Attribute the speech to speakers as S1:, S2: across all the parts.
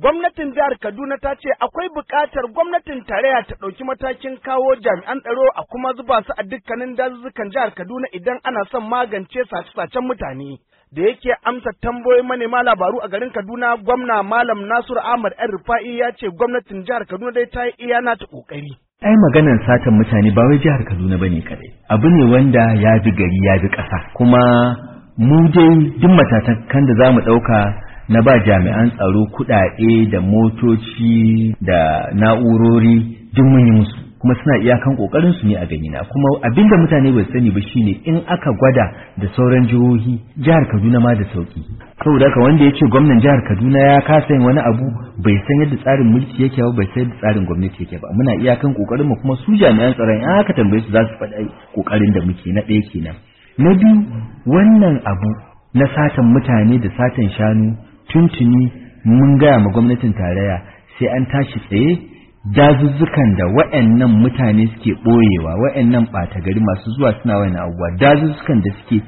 S1: gwamnatin jihar Kaduna ta ce akwai buƙatar gwamnatin tarayya ta ɗauki matakin kawo jami'an tsaro a kuma zuba su a dukkanin dazuzzukan jihar Kaduna idan ana son magance sace-sacen mutane. Da yake amsa tambayoyin manema labaru a garin Kaduna, gwamna Malam Nasiru Ahmad ‘yan Rufa'i ya ce gwamnatin jihar Kaduna dai ta yi iya nata ƙoƙari.
S2: ai maganar satan mutane ba wai jihar Kaduna ba ne kadai abu ne wanda ya bi gari ya bi ƙasa kuma mu dai duk matakan da za mu ɗauka na ba jami'an tsaro kuɗaɗe da motoci da na'urori duk mun yi musu kuma suna iyakan kokarin su ne a gani na. kuma abinda mutane bai sani ba shine in aka gwada da sauran jihohi jihar Kaduna ma da sauki saboda haka wanda yake gwamnan jihar Kaduna ya kasa yin wani abu bai san yadda tsarin mulki yake ba bai san yadda tsarin gwamnati yake ba muna iyakan kokarin mu kuma su jami'an tsaron in aka tambaye su za su faɗa kokarin da muke na ɗaya kenan na biyu wannan abu na satan mutane da satan shanu tuntuni mun gaya ma gwamnatin tarayya sai an tashi tsaye dazuzzukan da wa'annan mutane suke ɓoyewa wa'annan ɓata gari masu zuwa suna wani abubuwa dazuzzukan da suke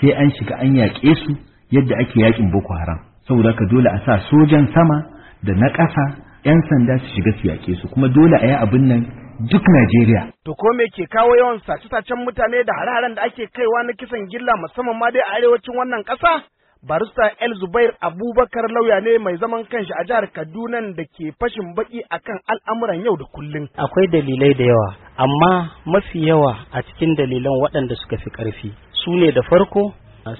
S2: sai an shiga an yaƙe su yadda ake yaƙin boko haram saboda ka dole a sa sojan sama da na ƙasa 'yan sanda su shiga su yaƙe su kuma dole a yi abin nan duk Najeriya.
S1: To ko me ke kawo yawan sace-sacen mutane da hare-haren da ake kaiwa na kisan gilla musamman ma dai a arewacin wannan ƙasa? barista el zubair abubakar lauya ne mai zaman kanshi a jihar kaduna da ke fashin baki akan al'amuran yau da kullum
S3: akwai dalilai da yawa amma mafi yawa a cikin dalilan waɗanda suka fi ƙarfi su ne da farko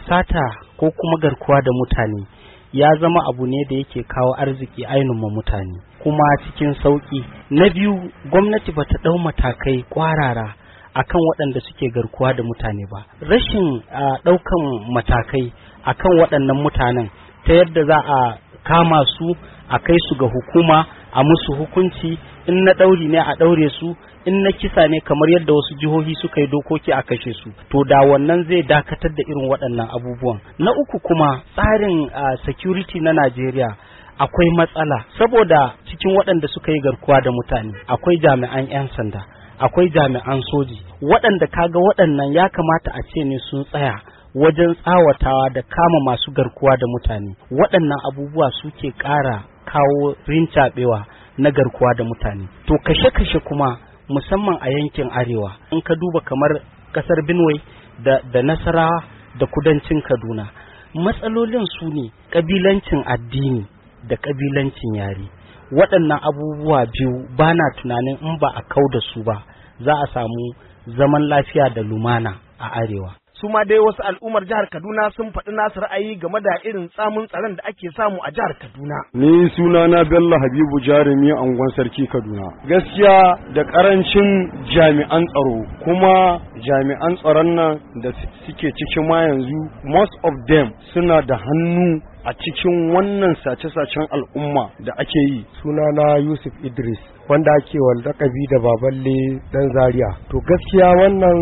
S3: sata ko kuma garkuwa da mutane ya zama abu ne da yake kawo arziki ainihin ma mutane kuma cikin sauƙi na biyu gwamnati bata ɗau matakai ƙwarara akan waɗanda suke garkuwa da mutane ba rashin ɗaukan matakai akan waɗannan mutanen ta yadda za a kama su a kai su ga hukuma a musu hukunci in na ɗauri ne a ɗaure su in na kisa ne kamar yadda wasu jihohi suka yi dokoki a kashe su to da wannan zai dakatar da irin waɗannan abubuwan na uku kuma tsarin uh, security na najeriya akwai matsala saboda cikin waɗanda suka yi garkuwa da mutane akwai jami'an 'yan sanda akwai jami'an soji waɗanda kaga waɗannan ya kamata a ce ne sun tsaya wajen tsawatawa da kama masu garkuwa da mutane waɗannan abubuwa suke ƙara kawo rincaɓewa na garkuwa da mutane to kashe-kashe kuma musamman a yankin arewa in ka duba kamar ƙasar benue da, da nasarawa da kudancin kaduna matsalolin su ne ƙabilancin addini da ƙabilancin yare waɗannan abubuwa biyu ba na tunanin in ba a kau da su ba za a samu zaman lafiya da lumana a arewa
S1: su ma dai wasu al'ummar jihar Kaduna sun faɗi nasu ra'ayi game da irin tsamun tsaron da ake samu a jihar Kaduna.
S3: Ni suna
S4: na Bello Habibu Jarumi angon sarki Kaduna. Gaskiya da ƙarancin jami'an tsaro kuma jami'an tsaron nan da suke ciki ma yanzu most of them suna da hannu a cikin wannan sace-sacen al'umma da ake yi suna na yusuf idris wanda ake lakabi da baballe dan Zariya. to gaskiya wannan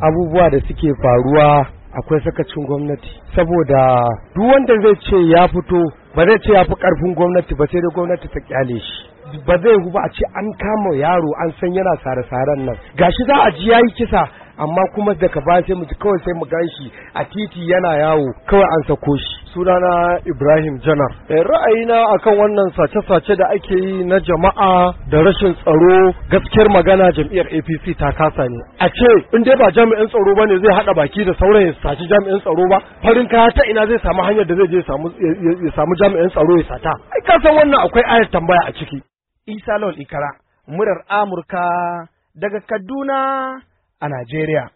S4: abubuwa da suke faruwa akwai sakacin gwamnati saboda duk wanda zai ce ya fito ba zai ce ya fi karfin gwamnati ba sai dai gwamnati ta kyale shi ba zai hu ba a ce an kama yaro an san yana sare-saren nan gashi za a ji ya yi kisa amma kuma daga ba sai mu kawai sai mu gan shi a titi yana yawo kawai an sako shi sunana Ibrahim Janar. Eh, ra'ayina kan wannan sace-sace da ake yi na jama'a da rashin tsaro gaskiyar magana jam'iyyar APC ta kasa ne. A ce in dai ba jami'in tsaro ba ne zai haɗa baki da sauran ya saci jami'in tsaro ba farin kaya ta ina zai samu hanyar da zai je ya samu jami'in tsaro ya sata. Ai ka san wannan akwai ayar tambaya a ciki.
S1: Isa Lawal Ikara, murar Amurka daga Kaduna a Najeriya.